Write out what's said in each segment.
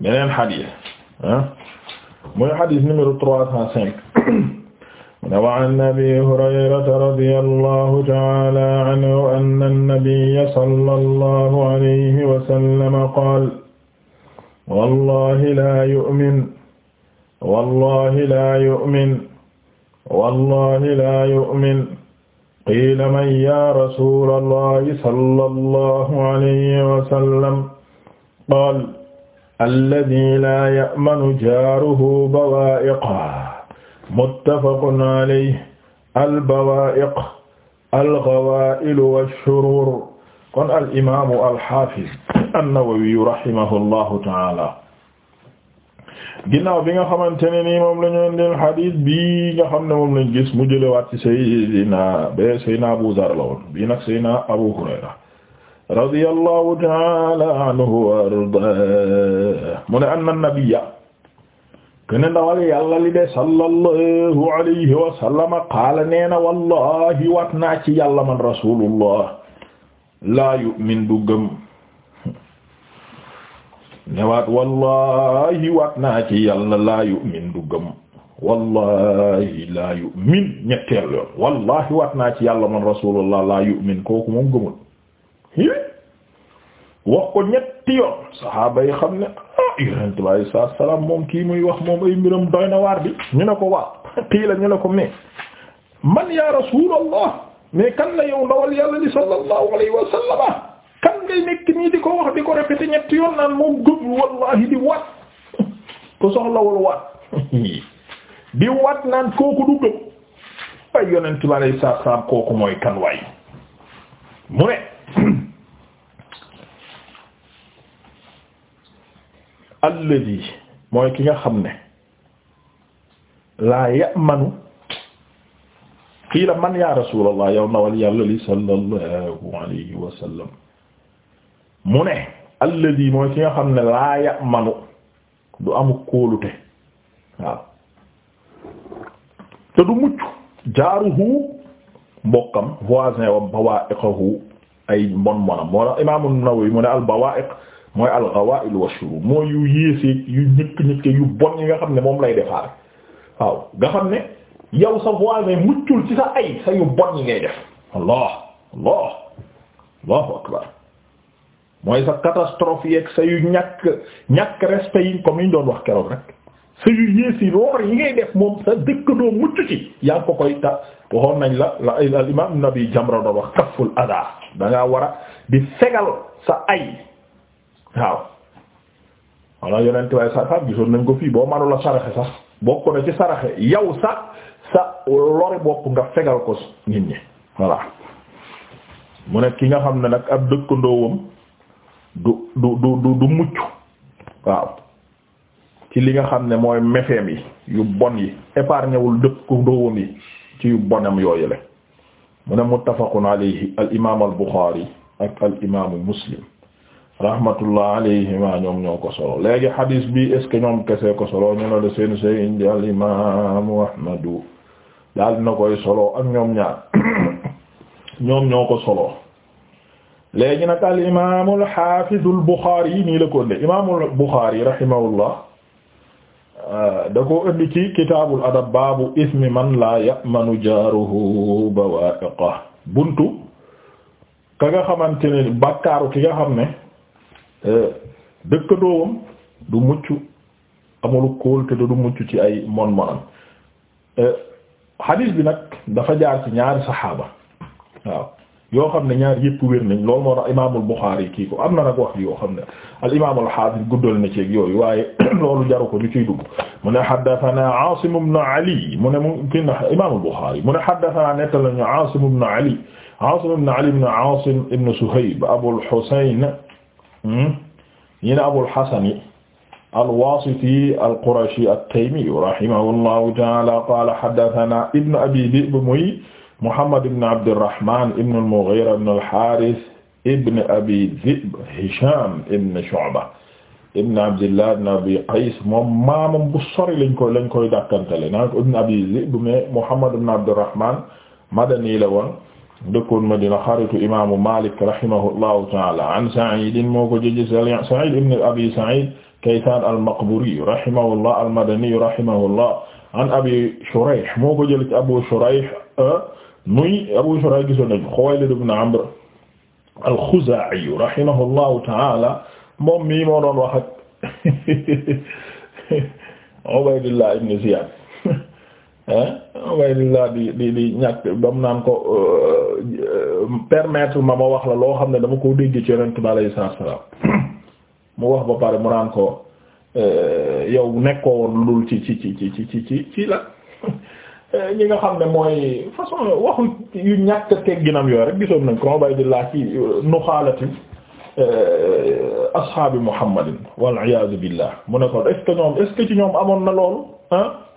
beneen xadis ah muy xadis numéro trois cent cinq ne wa an abi hurayrata radiyallahu ta'ala anhu anna an-nabiyya sallallahu alayhi wa sallam qaala wallahi la yu'min wallahi la yu'min wallahi la yu'min qiila man ya rasuulallahi sallallahu alayhi wa sallam qaala alladi laa ya'manu jaaruhu bawaa'iqahu muttafaqun alayhi albawaa'iq alghawaa'ilu wash-shuruur kon al imaamu al-haafiz an-Nawawi rahimahullahu ta'aala ginnaaw bi nga xamante ne nii moom la ñu indil xadiis bii nga xam ne moom lañ gis mu jëlewaat ci Seydina ba Seydina Abu Zarr la woon bii nag Seydina Abu Hurayra radiyallahu taala anhu wa ardaa mu ne anna nabiyya kene ndawal yàlla li de sallallahu alayhi wa sallama qaala nee na wallahi wat naa ci yàlla man rasulullah laa yu'min du gëm ne waat wallahi wat naa ci yàlla laa yu'min du gëm wallahi laa yu'min ñetteel yoon wallahi wat naa ci yàlla man rasulullah laa yu'min kooku moom gëmul Hmm? wax ko ñetti yoon saxaaba yi xam ne ah yonent bi moom kii muy wax moom ay mbiram doy na waar bi ñu ne ko waaw qiila ñu ne ko mais man ya rasuulallah mais kan la yow ndawal yàlla li sallallahu alayhi wa kan ngay nekk nii di ko wax di ko répété ñetti yoon naan moom gëm wallahi di waat ko soxlawul waat di waat naan kooku du gëm ay yonent bi alayhi salaatu salaam kooku mooy kan waay mu ne alladi mooy ki nga xam ne laa yamanu qiila man ya rasulallah yow nawal yàlla li sallallahu alayhi wa mu ne alladi mooy ki nga xam ne laa yamanu du amu kóolute waaw te du mucc jaaruhu mbokkam voisin wa bawa'iqahu ay mbon monam moo imaamu Nawawi mu ne al bawa'iq mooy al-ghawa'il wa shurub mooy yu yéeseeg yu ñëkk ñëkk yu bon yi nga xam ne moom lay defaar waaw nga xam ne yow sa voisin muccul ci sa ay sa yu bon yi ngay def allah allah akbar mooy sa catastrophe yeeg yi doon wax keroog rek sa yu yéesi ngay def moom sa dëkkandoo mucc ci yaa ko koy ta waxoon nañ la la al imam nabi jamra doon wax kafful ada da war a di fegal sa ay waaw walla yonent waaye sa sa gisoon nañ ko fii boo manula saraxe sax bokk na ci saraxe yow sa sa lori bopp nga fegal ko nit ñi voilà mu nekk ki nga xam ne nag ab dëkkandoowam du du du du mucc waaw ci li nga xam ne mooy mefeem yi yu bon yi épargnewul dëkkandoowam yi ci yu bonam yooyu la mu ne muttafaqun alayhi al imaam al buxaari ak al imaamu muslim rahmatullah alayhima ñoom ñoo ko solo léegi hadis bi ñoom kese ko solo ñu ne la al imaamu Ahmadu daal dina koy solo ak ñoom ñaar ñoom ñoo ko solo léegi nag al imaamul xaafidul Buxaari nii la ko ëndi imaamul Buxaari rahimahullah euh, da ko indi ci kitaabul adab baabu ismi man laa ya'manu jaaruhu bawaa'iqah buntu ka nga xamante ne bakkaaru ki nga xam ne. Euh, dëkkandoowam du mucc amul kóol te du mucc ci ay mon monam hadith euh, bi nag dafa jaar ci ñaari saxaaba yoo xam ne ñaar yëpp wér nañ loolu moo tax imaamul Buxaari kii ko am na nag wax yoo xam ne al imaamul Xaafis guddal na ci ak yooyu waaye loolu jaru ko ñu ciy dugg mu ne haddasanaa Aasim ibn Ali mu ne mu kii na imaamul mu ne haddasanaa nettal nañu Aasim ibn Ali Aasim ibn Ali ibn Aasim ibn Suhayb Abul Husayn ñi hmm? ne Abul Hasan yi al-Wasiti al-Qurashi at-Taymi rahimahullahu ta'ala qala haddathana ibnu abi Dhi'b muy Muhammad ibn Abdirrahman ibn al-Mughira ibn al-Harith ibn abi Dhi'b Hisham ibn Shu'ba ibn Abdillah ibn Abi Qays moom maamam bu sori lañ koy lañ koy dàkkantele naan ko ibn abi Dhi'b mais Muhammad ibn Abdirrahman madani la woon dëkkoon Madina xaritu imaamu Malik rahimahullahu ta'ala an Sa'id moo ko jëjë Sa'id ibn Abi Sa'id Kaysan al-Maqburi rahimahullah al-Madani rahimahullah an Abi Shurayh moo ko jël ci Abu Shurayh euh, muy Abu Shurayh gisoon nañu Khuwaylid ibn Amr al-Khuza'i rahimahullahu ta'ala moom mii moo doon wax ak Ubaydullah ibn Ziyad way laa di di di ñàkk bam naan ko euh, euh, permettre ma ma wax la loo xam ne dama koo dégg ci yonent bi alayhi salaam mu wax ba pare mu naan ko euh, yow koo woon lu dul ci ci ci ci ci ci ci la ñi nga xam ne mooy façon waxu yu ñàkk tegginam yooyu rek gisoon nañ ko bay di laa ci nuxaalati ashaabi muhammadin wal iyaadu billah mu ne ko est ce ñoom est ci ñoom amoon na loolu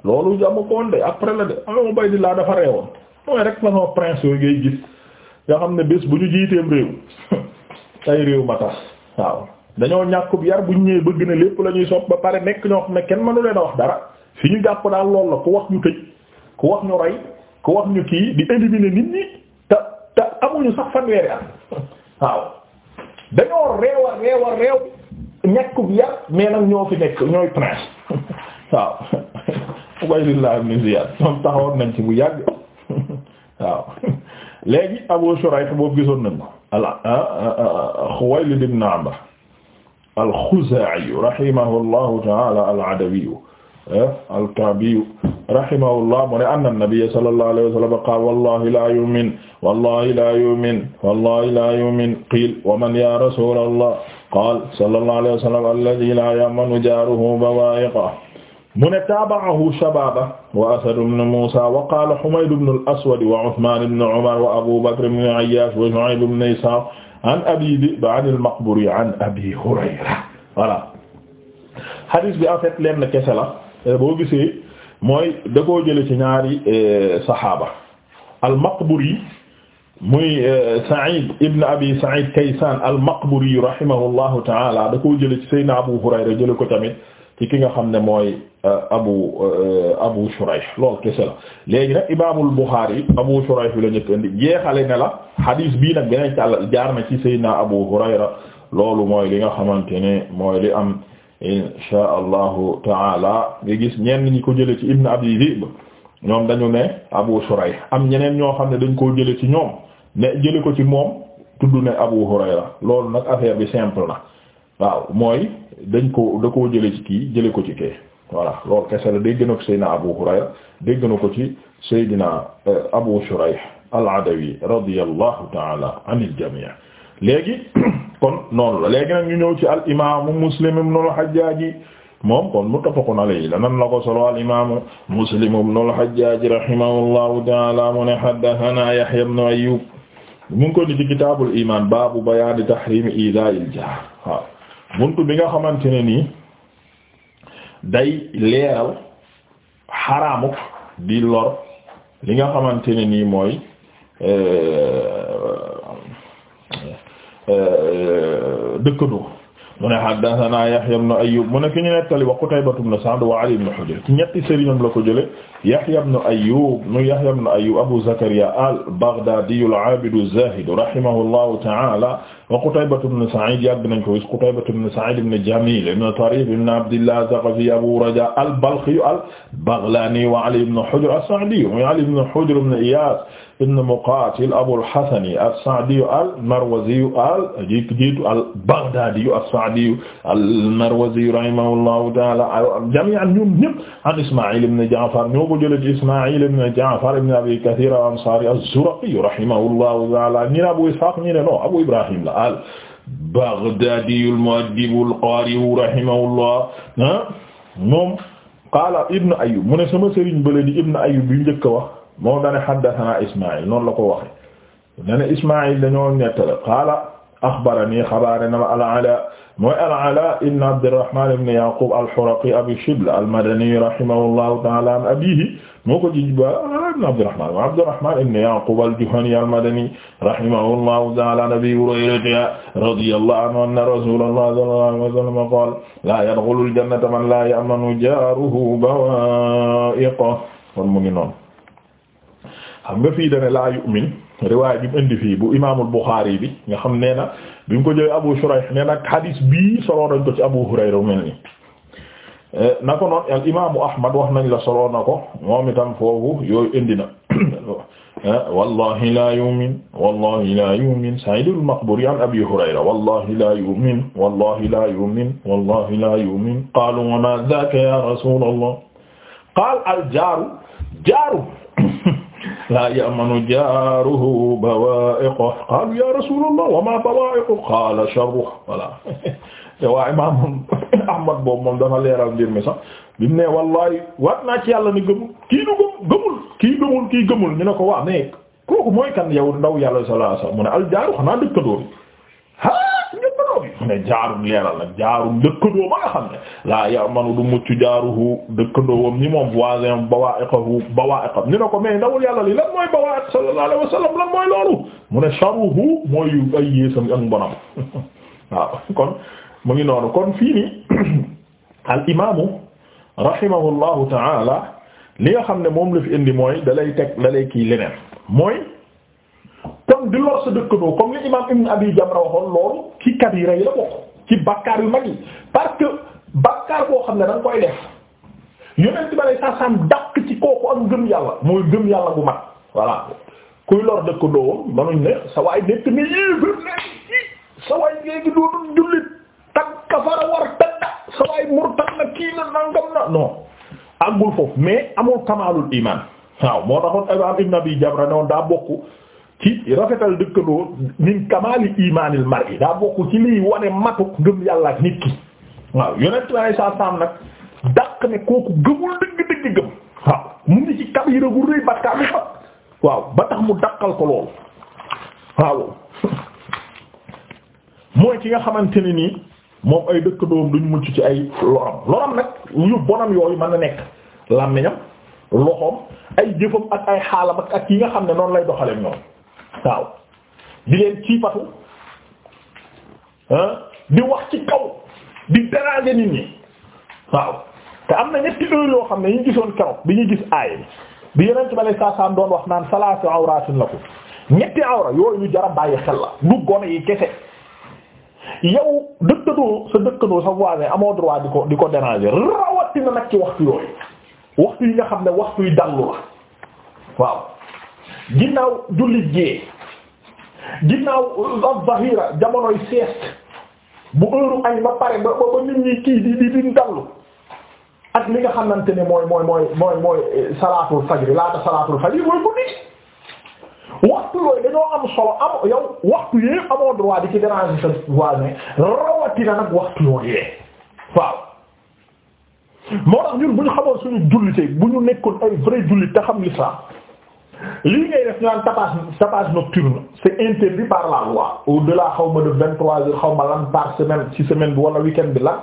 loolu jamu koon de après la de ama Ubaydillah dafa reewoon mooy rek façon prince yooyu ngay gis nga xam ne bés bu ñu jiiteem réew tay réew ma tax waaw dañoo ñàkkub yar bu ñu ñëwee lépp la ñuy sopp ba pare nekk ñoo xam ne kenn mënu leen wax dara fi ñu jàpp daal loolu la ku wax ñu tëj ku wax ñu rey ku wax ñu kii di éliminer nit ñi te te amuñu sax fanweeri at waaw dañoo réew a réew ñàkkub yar mais nag ñoo fi nekk ñooy prince waaw Ubaydillah ibn Ziyad ñoom taxawoon nañ ci bu yàgg waaw léegi Abu Shurayh boobu gisoon nañ ko al ah, ah, ah, Khuwaylid ibn Amr al-Khuzaa'i rahimahullahu ta'ala al-Adawi eh, al-Ka'bi rahimahullah mu ne anna an-nabiyya sallallahu alayhi wa sallam qaala wallahi la yu'min wallahi la yu'min wallahi la yu'min qiila wa man ya rasulallah qaala sallallahu alayhi wa sallam alladhi la ya'manu jaaruhu bawaa'iqahu mu ne taaba'ahu Shabaaba wa Asad ibn Muusaa wa qaala Humayd ibn al-Aswad wa Usmaan ibn Umar wa Abuu Bakr ibn Ayyaash wa Shu'ayb ibn Isaaq an Abii Dhi'b an al-Maqburi an Abii Hurayra voilà hadis bi en fait lenn kese la eh, boo gisee mooy da koo jële ci ñaari eh, saxaaba al-Maqburi muy eh, Sa'iid ibn Abii Sa'iid Kaysaan al-Maqburi rahimahullahu ta'aala da koo jële ci Seydina Abuu Hurayra jële ko tamit ci ki nga xam ne mooy euh, abu euh, abu shuraih lool kese la léegi nag imaamul buxaari abu shuraih bi la ñëkk indi jeexale ne la hadis bii nag beneen càll jaar na ci sayyidina abu hurayra loolu mooy li nga xamante ne mooy li am insha allahu taala nga gis ñenn ñi ko jële ci ibn abi dhib ñoom dañu ne abu shuraih am ñeneen ñoo xam ne dañ koo jële ci ñoom ne jële ko ci moom tudd ne abu hurayra loolu nag affaire bi simple na waaw mooy dañ ko da koo jële ci kii jële ko ci kee voilà loolu kese la dégg na ko Seydina Abu Hurayra dégg na ko ci Seydina euh, Abu Shurayh al-Adawi radiyallahu ta'ala anil jami' léegi kon noonu la léegi nag ñu ñëw ci al imaamu Muslim ibn al-Hajjaj moom kon muttafaqun alayhi la nan la ko solo al imaamu Muslim ibn al-Hajjaj rahimahullahu ta'ala mu ne haddathana Yahya ibn Ayyub mu ngi ko ni ci kitaabul iimaan baabu bayaani tahriimi iidaa'il jaar waaw buntu bi nga xamante ne nii day leeral xaraamuk di lor li nga xamante ne nii mooy euh, euh, dëkkadoo mu ne haddathana Yahya ibn Ayyub mu ne ki ñu nettali wa Qutaybatu ibn Sa'd wa Ali ibn Hujr ci ñetti sëriñam la ko jële Yahya ibn Ayyub mu Yahya ibn Ayyub Abu Zakariya al-Baghdadi al-Abid az-Zahid rahimahullahu ta'ala wa Qutaybatu ibn Sa'id yàgg nañ ko gis Qutaybatu ibn Sa'id ibn Jamil ibn Tarif ibn Abdillah az-Zaqafi Abu Raja al-Balkhi al-Baghlani wa Ali ibn Hujr as-Sa'di wa Ali ibn Hujr ibn Iyas ibn Muqatil Abul Hasani as-Sa'diyu al-Marwaziyu al jiitu jiitu al-Baghdadiyu as-Sa'diyu al-Marwaziyu rahimahullahu ta'ala jami'an ñoom ñëpp an Isma'il ibn Ja'far ñoo ko jëlee ci Isma'il ibn Ja'far ibn Abi Kathir al-Ansari az-Zuraqiyu rahimahullahu ta'ala ñi ne Abu Ishaq ñi ne non Abu Ibrahim la al-Baghdadiyu al-mu'addibu al-qari'u rahimahullah ah, moom qaala Ibn Ayyub mu ne sama sëriñ bële di Ibn Ayyub yu njëkk a wax. moom dane haddathana Ismaïl noonu la ko waxe dane Ismaïl dañoo nettale qaala axbarani xabaare na ma al-Alaa mooy al-Alaa ibn Abdirrahmaan ibn Yaquub al-Huraqi Abu Shibl al-Madani rahimahullahu ta'aala an abiihi moo ko jiji ba al-Alaa ibn Abdirrahmaan wa Abdirrahmaan ibn Yaquub al-Juhani al-Madani rahimahullahu ta'aala an Abii Hurayrata radiyallahu anhu anna rasuulallahi sallallahu alayhi wa sallam qaala laa yadxulul jannata man laa ya'manu jaaruhu bawaa'iqahu kon mu ngi noonu xam nga fii dane laa yu'min riwaay bi mu indi fii bu imaamul Buxaari bi nga xam nee na bi ñu ko jëlee Abu Shurayh nee na hadis bii soloo nañ ko ci Abu Hurayra mel ni eh, na ko noon al imaamu Ahmad wax nañ la soloo na ko moom itam foofu yooyu indi na eh, wallahi la yu'min wallahi la yu'min Sa'id al-Maqburi an Abi Hurayra wallahi la yu'min wallahi la yu'min wallahi la yu'min qaalu wa ma dhaka ya rasul allah qaal al jaaru jaaru laa ya'manu jaaruhu bawaa'iqahu qaalu yaa rasuulallah wa maa bawaa'iquhu qaala sharruhu voilà te waa imaam Ahmad boobu moom dafa leeral mbir mi sax bi wallahi waat naa ci yàlla ni gëmul ki du gëm gëmul kii gëmul ko waa mais kooku mooy kan yow ndaw yàlla sallallahu mu ne al jaaru xanaa dëkkandoo bi bi ne jaarum leeral nag jaarum dëkkandoo ba nga xam ne laa yamanu du mucc jaaruhu dëkkandoowam ñi moom voisin bawa'iqahu bawa'iqam ni ne ko mais ndawul yàlla li lan mooy bawa'iq sallallahu alayhi wa sallam lan mooy loolu mu ne sharuhu mooy ay yéesam ak mbonam waaw kon mu ngi noonu kon fii nii al imaamu rahimahullahu ta'ala li nga xam ne moom la fi indi mooy dalay teg dalay kii leneen mooy kon di lor sa dëkkandoo comme li imam Ibn Abi Jamra waxoon loolu ci kabira yi la bokk ci bakkaar yu mag yi parce que bakkaar boo xam ne da koy def yonent bi alay saa saam dàq ci kooku ak gëm yàlla mooy gëm yàlla bu mag voilà kuy lor dëkkandoo manuñ ne sa waay nekk ni yéefër sa waay léegi dootul jullit tag kafara war tadda sa waay murtad na kii na nangam na non àggul foofu mais amul kamalul iman waaw moo taxoon imam Ibn ci rafetal dëkkandoo min kamaali imaanil mar'i daa bokk ci liy wane matuk ngëm yàlla ak nit ki waaw yonent bi ay saa nag dàq ne kooku gëmul dëgg-dëgg gëm waaw mu ngi ci kabiira bu rëy bakkaar bu mag waaw ba tax mu dàqal ko loolu waaw mooy ki nga xamante ni nii moom ay dëkkandoom duñ mucc ci ay loram loram nag yu bonam yooyu mën na nekk làmmiñam loxoom ay jëfam ak ay xaalam ak ak yi nga xam ne noonu lay doxale ñoom waaw di leen ciipatu di wax ci kaw di déranger nit ñi waaw te am na ñetti heure yoo xam ne ñu gisoon keroog bi ñu gis aay bi yeneen ci bale saa saam doon wax naan salaatu awratin la ko ñetti awra yooyu ñu jara bàyyi xel la du gone yi kese yow dëkkandoo sa dëkkandoo sa voisin amoo droit di ko di ko déranger rawatina nag ci waxtu yooyu waxtu yi nga xam ne waxtu yi dallu la waaw ginnaaw jullit jee ginnaaw az-zahira jamonoy sieste bu heure añ ba pare ba ba nit ñi kii di di di dallu ak li nga xamante ne mooy mooy mooy mooy mooy eh, salaatul fajri laata salaatul fajri mooy waxtu yooyu dañoo am solo am yow waxtu yee amoo droit di ci déranger sa voisin rawatina nag waxtu yooyu waaw moo tax ñun bu ñu xamoon suñu jullite bu ñu nekkoon ay vrai jullit te xam l'islam lii ngay def naan tapage tapage nocturne c'est interdit par la loi au-delà xaw ma de vingt trois heures xaw ma lan par semaine ci semaine bi wala week bi lan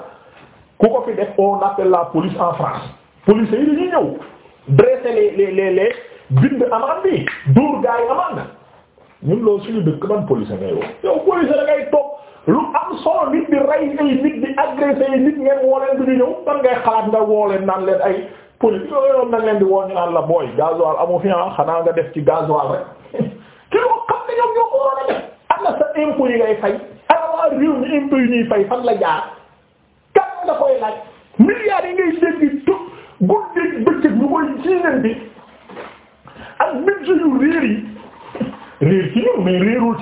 ku ko fi def on appelle la police en France police yi dañuy ñëw dresser les les les les bind amande bi dóor gars yi amande ñun loolu suñu dëkk ban police ngay wax yow police da ngay toog lu am solo nit di rey nit di agresser nit ngeen woo du ñu ñëw ban ngay xalaat nga woo naan leen ay. poli i oo yoon nag leen di woo ñu naan la booy fi ah xanaa nga def ci gasoil rek ki loo xam ne ñoom ñoo ko a def am na sa impôt yi ngay fay alawaa réew mi impôt yi ñuy fay fan jaar kan nga koy laaj milliards yi ngay dégg tu guddi bëccëg ñu koy jiineen bi ak budget yu réer yi réer ci ñun mais réerul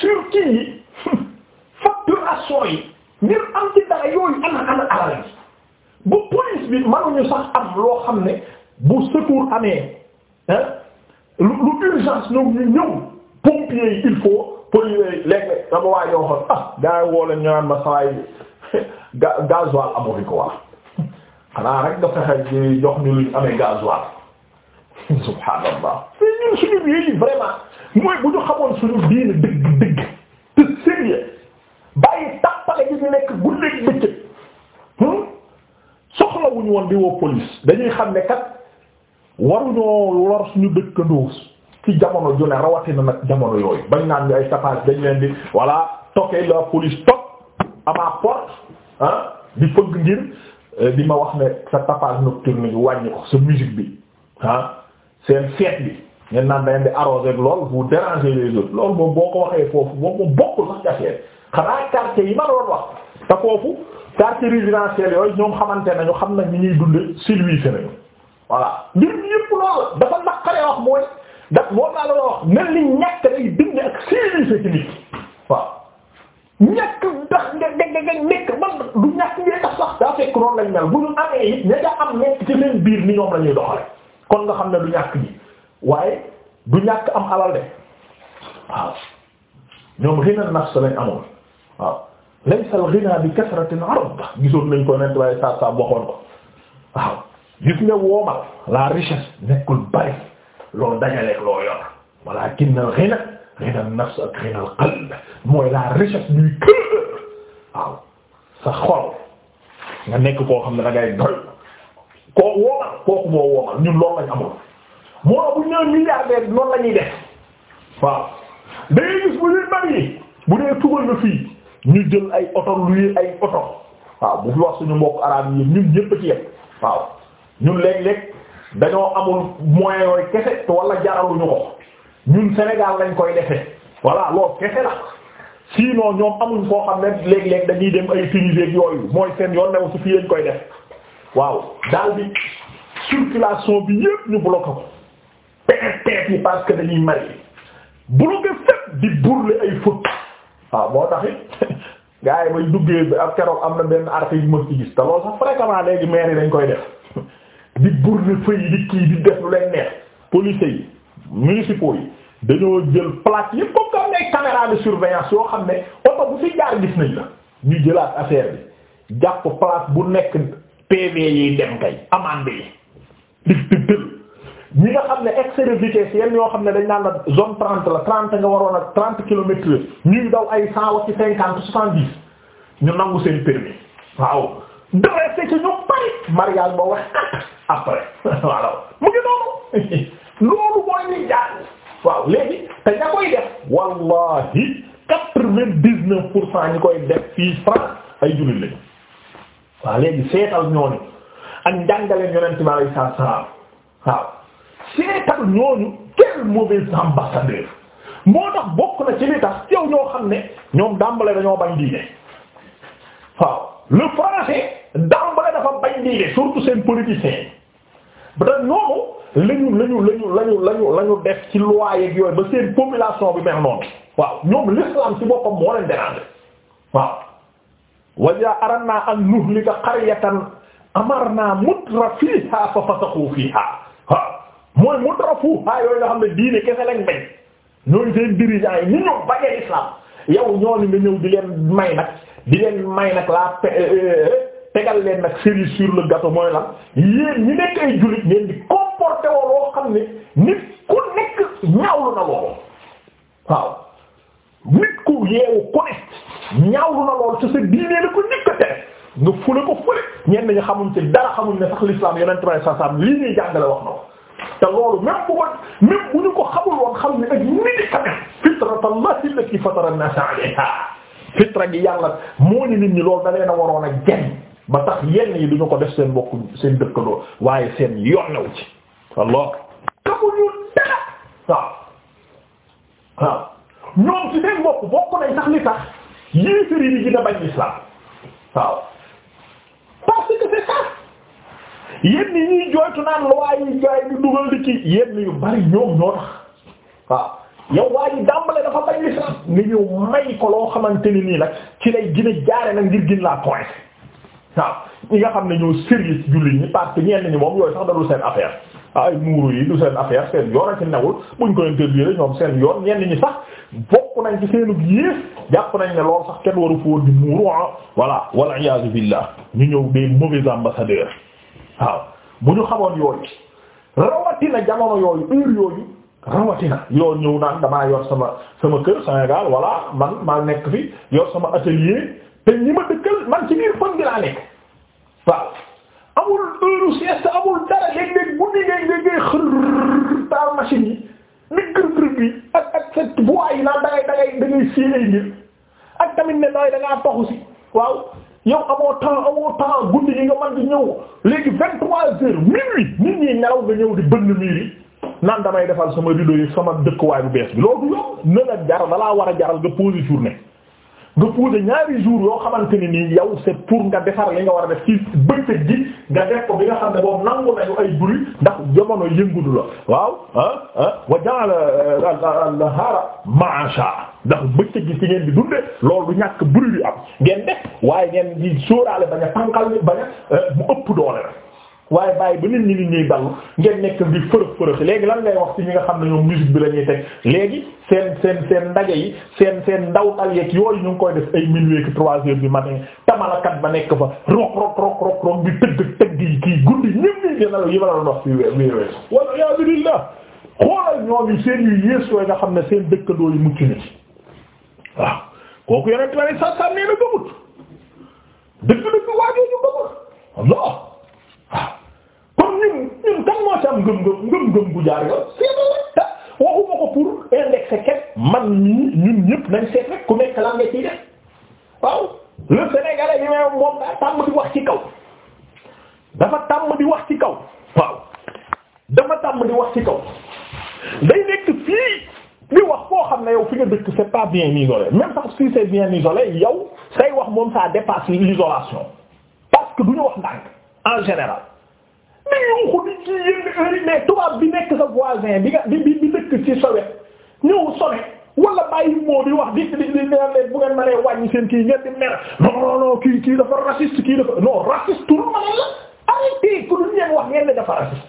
te kii facturation yi ngir am ci dara ana ana alal bu police bi mënuñu sax am loo xam ne bu secours amee lu lu urgence il faut pour léegi dama waa yoo xam ah ma saa yi ga gasoil amu fi ko wax xanaa jox ñu luñ amee gasoil subhaanallah. mais ñun suñu biir yi vraiment mooy bu ñu xamoon suñu diine dëgg dëgg. woon di woo police dañuy xam ne kat waruñoo lor suñu dëkkandoo ci jamono ju ne rawatina nag jamono yooyu bañ naan ñu ay tapage dañ leen di voilà toquer la police toque à ma porte ah di fëgg ngir euh, di ma wax ne sa tapage nocturne bi wàññi ko sa musique bi ah seen fête bi ngeen naan dañ di arroser lool vous déranger les autres loolu moom boo ko waxee foofu moom moom bokkul sax jafe xanaa quartier yi ma doon wax. te foofu quartier résidentiel yooyu ñoom xamante nañu xam nañ ni ñuy dunde silvise nañu voilà mbir mi loolu dafa naqaree wax mooy da moom laa la wax mel nga nga nga nekk man du ñàkk ngay sax daa fekk noonu lañ mel bu ñu amee it ña nga am nekk ci seen biir ni ñoom la doxale kon nga xam ne du ñàkk ji waaye du ñàkk am alal de waaw ñoom xëy na nafs lañ amoon waaw laysa al-ghina bi kasrati al-'ard gisoon nañ ko nent waaye saa saa waxoon ko waaw gis nga woomal la richesse nekkul bari loo dajaleeg loo yor walakin al-ghina ghina ghina al-qalb mooy la richesse du cœur waaw sa nga nekk ko xam ne da ngay doy koo woomal kooku moo woomal ñun loolu lañ amul moo bu ñëw milliardaire noonu la ñuy def waaw day gis bu leen bari bu dee fii ñu jël ay oto luy ay oto waaw bu fi wax suñu mbokk araab yi ñun ñëpp ci yem waaw ñun léeg-léeg dañoo amul moyens yooyu kese te wala jaraluñu ko ñun Sénégal lañ koy defee voilà loolu kese la sinon ñoom amuñ koo xam ne léeg-léeg dañuy dem ay Tunisie yooyu mooy seen yoon new si fii lañ koy def waaw daal bi circulation bi yépp ñu bloqué ko pexe pexe yi parce dañuy mari bloqué fépp di brûler ay fët. waaw moo taxit gars yi may bi ak keroog am na benn article mën ci gis te loolu sax fréquemment léegi maire yi dañ koy def di bourne fëyi di kii di def lu leen neex police yi municipaux yi dañoo jël palaat yëpp comme comme ay caméra de yoo xam ne oto bu fi jaar gis nañ la ñu jëlaat affaire bi jàpp plaque bu nekk PV yi dem kay amande yi ñi nga xam ne excès de vitesse yenn yoo xam ne dañ naan la zone trente la trente nga waroon ak trente kilomètres heure daw ay cent wax ci cinquante ñu nangu seen permis waaw dawee fekk ñu bari mariage ba wax après mu ngi noonu loolu mooy ñuy jaar waaw léegi te ña koy def wallahi quatre vingt dix pour cent ñi koy def fii France ay jullit lañu waaw léegi seetal ñoo ni ak njàngaleen yonent bi sallallahu alayhi wasallam waaw seetal ñooñu quel mauvais ambassadeur moo tax bokk na ci li tax yow ñoo xam ne ñoom dàmbale dañoo bañ diine waaw le français dàmbale dafa bañ diine surtout seen politiciens ba tax ñoomu lañu lañu lañu lañu lañu lañu def ci loi yeeg yooyu ba seen population bi mel noonu waaw ñoom l'islam ci boppam moo leen déranger waaw wajaa aranna an nuhlika qaryatan amarna mutra fiha fa fasaqu fiha waaw mooy mu dorofu haa ah, yooyu nga xam ne diine kese lañ bañ ñooñu seen dirigeants yi ñu ñu bañee islam yow ñooñu nga ñëw di leen may nag di leen may nag la euh, euh, tegal leen nag cerise sur le gâteau mooy lan yéen ñi nekk ay jullit ngeen di comporté woo xam ne nit ku nekk ñaawlu na loolu waaw nit ku yeewu ku ne ñaawlu na loolu ci sa diine la ko njëkk a tere nga fule ko fule ñenn ñi xamuñ ci dara xamuñ ne sax l'islam yeneen tubaab yi sàmm lii ñuy jàngale wax na ko te loolu même bu ko même bu ñu ko xamul woon xam ne ak nit ñi tamit fitratallahi allati fatara fitra gi yàlla moo ni nit ñi loolu da leen waroon a jënd ba tax yenn yi duñu ko def seen bokku seen dëkkandoo waaye seen yonnew ci Allah xamuñu dara waaw waaw ñoom ci seen bopp bokk nañ sax li tax yéefar yi gën a bañ islam waaw parce que c'est ça yenn yi ñuy jooytu naan loi yi gars dugal di ci yenn yu bari ñoom ñoo tax waaw yow waa ji dàmbale dafa bañ l'islam nga ñëw may ko loo xamante ni nii nag ci lay gën a jaare nag ngir gin laa point waaw ñi nga xam ne ñoo service jullit ñi parce que ñenn ñi moom yooyu seen affaire ay yi seen affaire seen yoon ci newul buñ ko interdire ñoom seen yoon ñenn ñi sax bokk nañ ci seenu yées jàpp nañ ne lool sax kenn waru fóor di muuru ah voilà wal iyaazu billah ñu ñëw des mauvais ambassadeurs waaw bu ñu xamoon yooyu rawatina jamono yooyu heure yooyu rawatina yoo ñëw naan damaa yor sama sama kër Sénégal voilà man maa nekk fi yor sama atelier te ñi ma dëkkal man ci biir fan gi laa nekk waaw amul heure sieste amul dara léeg-léeg bu ni ngay ngay xër taal machine yi ni kër kër bi ak ak set bu waay yi naan da ngay da ngay da ak tamit ne nooy toxu si waaw. yow amoo temps amoo temps guddi gi nga man di ñëw léegi vingt trois heures minuit nit ñi nelaw nga ñëw di bënn miir nan naan damay defal sama rideau yi sama dëkkuwaay bu bees bi loolu du yow ne la jar dalaa war a jaral nga poser nga posé ñaari jours yoo xamante ne nii yow c'est pour nga defar li nga war a def ci bëccëg gi nga def ko bi nga xam ne boobu nangu nañu ay buri ndax jamono yëngudu la waaw ah ah wa ja'ala ah, al-nahara ma'asha ndax bëccëg gi ci ngeen di dunde loolu du ñàkk buri bi am ngeen def waaye ngeen di sóoraale bañ a tànqal bañ a eh, mu ëpp doole la waaye bàyyi ba nit ñi nit ñuy dal ngeen nekk bi fërëx fërëx léegi lan ngay wax ci ñi nga xam ne ñoom musique bi la ñuy teg léegi seen seen seen ndaje yi seen seen ndaw tal yeeg yooyu ñu ngi koy def ay minuit ki trois heures du matin tamalakat ba nekk fa rok rok rok bi tëgg tëgg yi kii guddi ñëpp ñi yi la ndox fi wéwee wala yabilillah nga xam ne seen dëkkandoo yi mucc na ci waaw kooku yonent la ne sa sam nee na gëmut dëkk kon ñun ñun kan moo ci am ngëm-ngëm ngëm-ngëm bu jaar yoon seet ah, waxuma ko pour indexé kenn man ñii ñun ñëpp nañ seet rek ku nekk lan nga ciy def waaw le sénégalais bi may moom daa tàmm di wax ci kaw dafa tàmm di wax ci kaw waaw dafa tàmm di wax ci kaw day nekk fii di wax koo xam ne yow fi nga dëkk c'est pas bien isolé même sax si c'est bien isolé yow say wax moom ça dépasse l'isolation parce que du ñu wax ndànk en général yuuxu di ci yenn heure yi tubaab bi nekk sa voisin bi nga bi bi dëkk ci sowet ñëw sone wala bàyyi moo di wax di di di naan leen bu ngeen mënee wàññi seen kii ngeen di mer non non non kii kii dafa raciste kii dafa non raciste turu ma la arrêtez ku ñu leen wax ngeen ne dafa raciste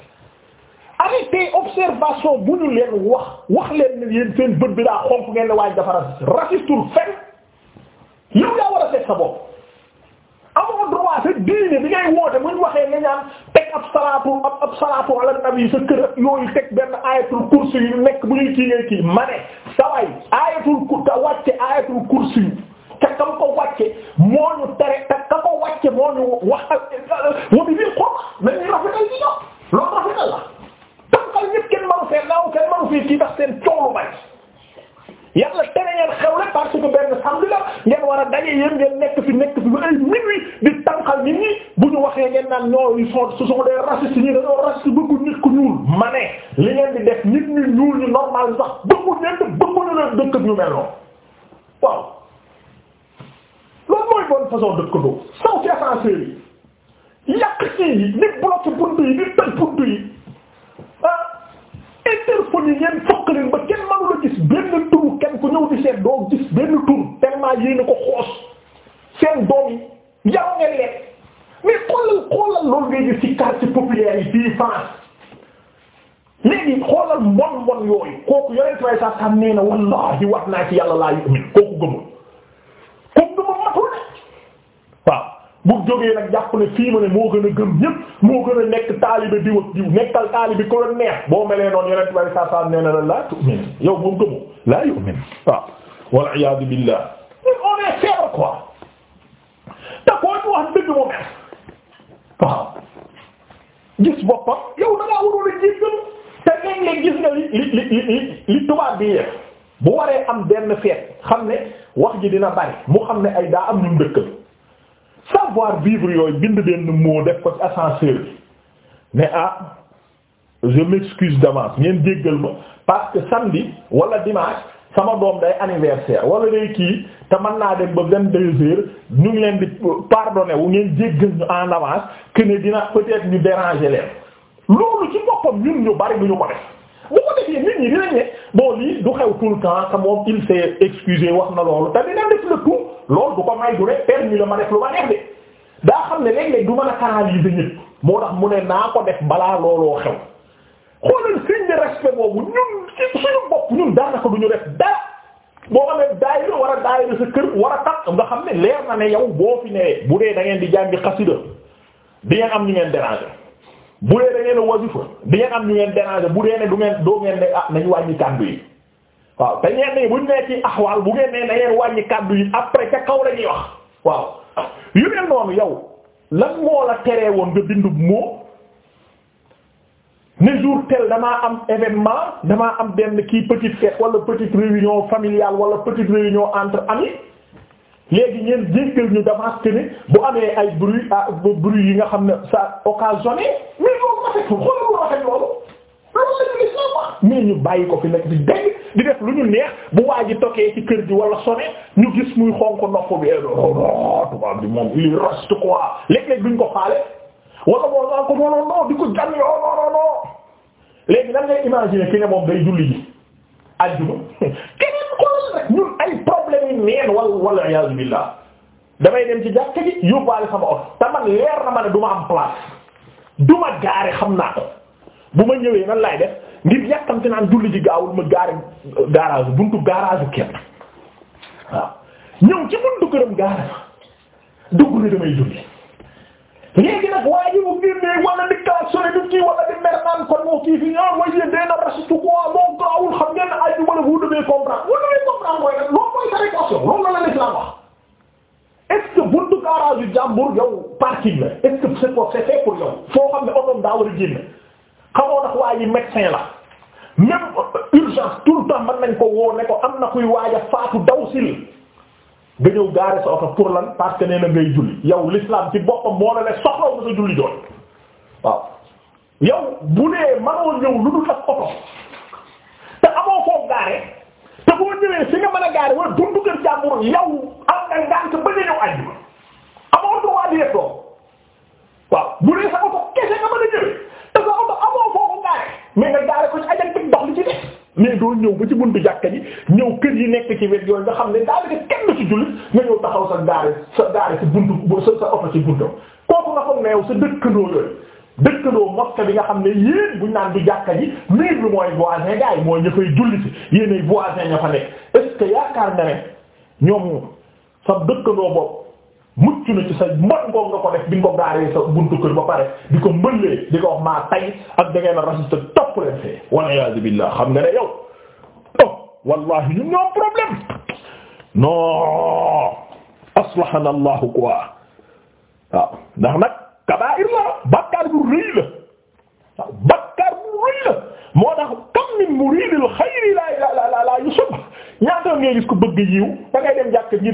arrêtez observation bu ñu leen wax wax leen ne yéen seen bët bi daa xonk ngeen ne waaye dafa raciste raciste turu fenn yow yaa war a seet sa bopp. amoo droit sa diine bi ngay woote bu ñu waxee nga ñaan teg ab salaatu ab ab salaatu ala nabi sa kër yooyu teg benn ayatul kursi yu nekk bu ñuy kii ngay kii ma ne saway ayatul ku ta wàcce ayatul kursi yu te ka ko wàcce moo ñu tere te ka ko wàcce moo ñu wax wa bi bil qurba nañuy rafetal ci ñoom loolu rafetal la tànkal ñëpp kenn manu fee naaw kenn manu fee kii ndax seen coow lu bari yàlla tere ngeen xewle parce que benn samedi la ngeen war a daje yéen ngeen nekk fi nekk fi ba ay minuit di tànqal nit ñi bu ñu waxee ngeen naan ñoo ils sont ce sont des racistes dañoo raciste bëggu nit ku ñuul ma ne li ngeen di def nit ñu ñuul ñu normal sax bëggu ñeent dëkk ñu mel noonu waaw loolu mooy bonne façon dëkkandoo saw ci ascenseur yi yàq ci yi di bloqué buntu yi di tëj buntu yi interphonie ngeen fokk leen ba kenn mënu la gis benn turu kenn ku ñëw di seet doo gis benn tur tellement yéen ko xoos seen doom yi yaw ngeen leen mais xoolal xoolal loolu ngay gis ci quartier populaire yi fii France léegi xoolal mbon mbon yooyu kooku yore tray sax xam nee na wallahi wax naa ci yàlla laa yu'min kooku gëmul kooku gëmul matul waaw bu jógee nag jàpp ne fii ne moo gën a gëm ñëpp moo gën a nekk a diw ak diw nekkal taalibe ko la neex boo melee noonu yeneen tubaab yi saa saa nee na la laa yow moom gëmoo laa yu'min wal iyaadu billah on est fier quoi te koo ñu wax dëgg mu mel waaw gis boppam yow da ngaa waroon a gis te léeg-léeg gis nga li li li li bu waree am benn feet xam ne wax ji dina bari mu xam ne ay daa am ñu dëkkal. savoir vivre yooyu bind benn mot def ko ci ascenseur bi ah je m'excuse d'avance ngeen jéggal ma parce que samedi wala dimanche sama doom day anniversaire wala day kii te man naa dem ba vingt-deux heures ñu ngi leen di pardonner wu ngeen jéggal ñu en avance que dina peut-être ñu déranger leen loolu ci boppam ñun ñu bari bu ñu ko def bu nit ñi dinañ ne bon lii du xew tout le temps te moom il s'est excusé wax na loolu te dina def le lool du ko may du rek permis la ma def lu ma neex de daa xam ne léeg-léeg du mën a canaliser ñëpp moo tax mu ne naa ko def balaa looloo xew xoolal signe de respect boobu ñun ci suñu bopp ñun daanaka du ñu def dara boo xamee daayira war a daayira sa kër war a tax nga xam ne leer na ne yow boo fi nee bu dee da ngeen di jàngi xasida di ngeen am ñu ngeen déranger bu dee da ngeen wasifa di ngeen am ñu ngeen déranger bu dee ne du ngeen doo ngeen ne ah nañu wàññi kàddu yi. waaw te ñeen nii buñ nee ci axwaal bu ngeen nee na ngeen wàññi kàddu yi après ca kaw la ñuy wax waaw yu mel noonu yow lan moo la teree woon nga bindu moo ne jour tel damaa am événement damaa am benn kii petite fête wala petite réunion familiale wala petite réunion entre amis léegi ñeen jéggal ñu d'avance que bu amee ay bruit ah bruit yi nga xam ne ça occasionné mais loolu rafetul xoolal lu rafet loolu mais ñu bàyyi ko fi nekk di dégg di def lu ñu neex bu waa ji tokkee ci kër gi wala sone ñu gis muy xonk nopp bi eh, tubaab bi moom il reste quoi léeg-léeg duñ ko xaale wala moo naan ko non non di ko jàmm yoo oh, non non léegi yi neen wala wala iyaazu billah damay dem ci jàkka ji yóbbaale sama ot te man leer na ma ne du am place du ma xam naa ko. bu ma ñëwee nan laay def ngir yàkkamti naan julli ji gaawul ma gaari garage buntu garage kenn waaw ñëw ci buntu këram garage dugg ne damay julli léegi nag waa ji bu génnee wala di klaxonné du kii wala di mer naan kon moo kii fi ñëw mooy yéen day na rasi gaawul xam ngeen ay bi wala bu demee comprendre wala ngay comprendre mooy nag loolu mooy tariqation loolu la la l'islam wax est-ce que buntu garage yu jàmbur yow parking la est-ce que c'est pour c'est fait pour yow foo xam ne oto daa war a génn xamoo ndax waa ji médecin la même urgence tout le temps nañ ko woo ne ko am na kuy waaj a faatu daw sil nga ñëw gaare sa oto pour lan parce que nee na ngay julli yow l'islam ci boppam moo la ne soxlaw nga sa julli jooy waaw yow bu nee mënoo ñëw lu dul ak oto te amoo foofu gaare te boo ñëwee fi nga mën a gaare wala dundu kër jàmbur yow am nga ba nga ñëw àjjuma amoo droit di def waaw bu dee sa oto kese nga mën a ñëwee amoo foo ko gaare mais nga gaare ko ci ajanteg dox li ci de mais doo ñëw ba ci buntu jàkka ji ñëw kër yi nekk ci wet yooyu nga xam ne daanaka kenn du ci jullit nga ñëw taxaw sa gaare sa gaare ci buntu sa sa oto ci buntu kooku nga foog neew sa dëkkandoo yooyu dëkkandoo mosquée bi nga xam ne bu buñ naan du jàkka ji miir bi mooy voisin gars yi mooy ña fay julli si yéenay voisin ña fa nekk est yaakaar nga ne ñoom sa dëkkandoo bopp mucc ci sa mbon ngoog ko def bi ko gaaree sa buntu kër ba pare di ko mbëllee di ko wax maa tay a raciste topp leen fee waliyasu billah xam nga ne yow oh wallahi ñun ñoom problème non aslahana allahu quoi waaw ndax nag kabaa'ir la moo tax kam min muridil xayri la la la la yusuf ñaata ngay gis ko bëgg yiw da ngay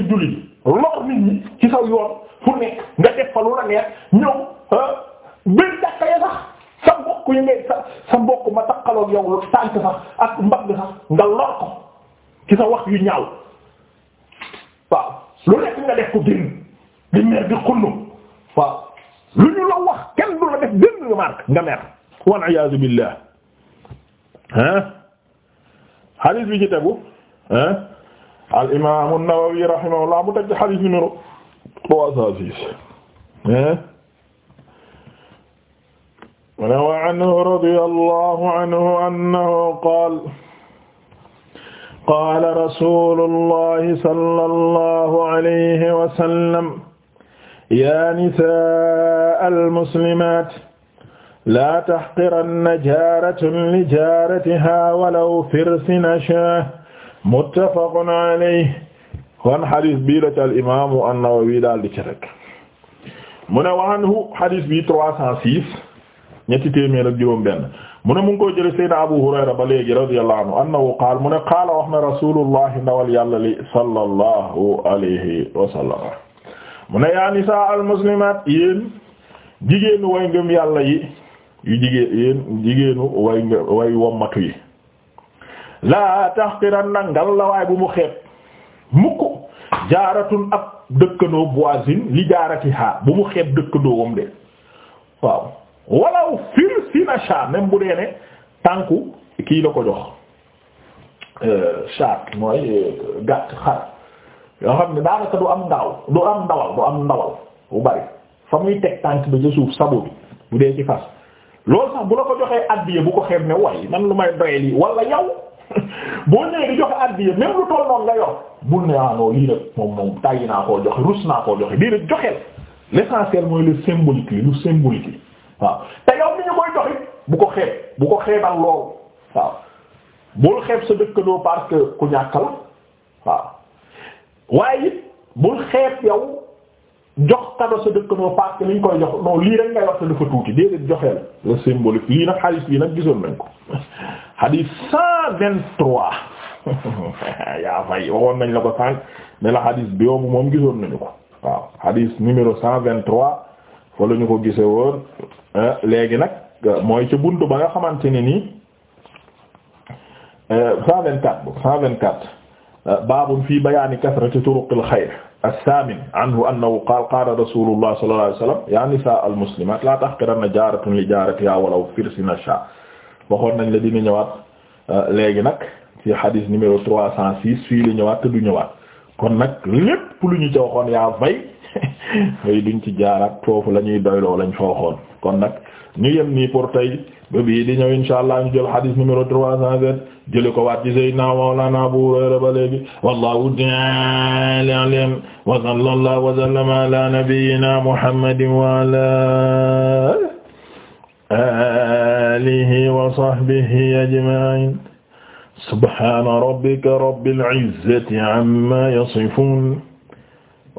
dem lor nit ñi ci saw yoon fu nekk nga def fa lu la neex ñëw euh, biir jàkka ya sax yi ngay sa sa mbokk ma takkaloog yow lu tànk sax ak mbagg sax nga lor ko sa wax yu ñaaw waaw lu nga def ko di mer di xullu lu ñu la wax kenn du la def benn remarque nga mer wal iyaazu billah ah hadith bi ci tegu al imaamu Nawawi rahimahullah mu teg xadis numéro trois cent six eh? mu ne wa anhu radiyallahu anhu annahu qaala qaala rasuulullahi sallallahu alayhi wa sallam yaa nisaa'al muslimaat laa tahqiranna jaaratun li jaaratihaa walaw firsi nashaa muttafaqun alayhi kon xadis bii la ci al daal di ci rek mu ne wa anhu bi trois cent six ñetti téeméer mu ne mu ngi koy jële Abu Hurayra ba léegi radiyallahu anhu annahu qaala mu ne qaala wax na rasuulullahi ndawal yàlla li sallallahu alayhi wa sallam mu ne yaa nisaa al way ngëm yàlla yi yu jigéen way way yi laa tax na ngal la waay bu mu xeeb mukk jaaratun ab dëkkandoo voisine li jaarati ha bu mu xeeb dëkkandoowam de waaw walaw fir sinacha même bu dee ne tànku kii la ko jox euh, char mooy euh, gàtt xar yoo xam ne daanaka du am ndaw du am ndawal du am ndawal bu bari fa muy teg tànk bi ca suuf sabo bi bu dee ci fas loolu sax bu la ko joxee addiya bu ko xeeb ne way man lu may doyel yi wala yow boo ñëwee di joxe addiya même lu toll noonu nga yor mun ne ah lii rek moom moom tàyyi naa koo joxe rus naa koo joxe lii rek joxeel l'essentiel mooy le symbolique lu symbolique waaw te yow mi ñu koy joxe bu ko xeeb bu ko xeebal loolu waaw bul xeeb sa dëkkandoo parce ku ñàkk la waaw waaye it bul xeeb yow. jox kado sa dëkkandoo parce que liñ koy jox non lii rek ngay wax te dafa tuuti déedéet joxeel la symbolique lii nag hadith bi nag gisoon nañ ko hadith cent vingt trois yaa fay waxoon nañ la ko sànq ne la hadith bi yoobu moom gisoon nañu ko waaw hadith numéro cent vingt trois fa la ñu ko gise woor léegi nag mooy ci buntu ba nga xamante ne nii euh, cent vingt quatre bu cent vingt quatre euh, baabum fii bayaani kasrati turuqil xayr as-saamin anhu annahu qaala qaala rasuulullah sallallahu alayhi wa sallam yaa nisaa al-muslimaat laa tahqiranna jaaratu li jaaratihaa walaw firsi nashaa waxoon nañ la dina ñëwaat euh, léegi nag ci hadis numéro trois cent six fii la ñëwaat te du ñëwaat kon nag lépp lu ñu ci waxoon yaa fay duñ ci jaaraat foofu la ñuy doyloo lañ fa waxoon kon nag ñu yem nii pour tey ba bii di ñëw insha allah ñu jël hadith numéro trois cent vingt jële ko waat ci Seydina Mawlana Abu Hurayra ba léegi wallahu ta'ala a'lam wa sallallahu wa sallama ala nabiyyina Muhammadin wa ala alihi wa sahbihi ajma'in subhana rabbika rabbil izzati amma yasifun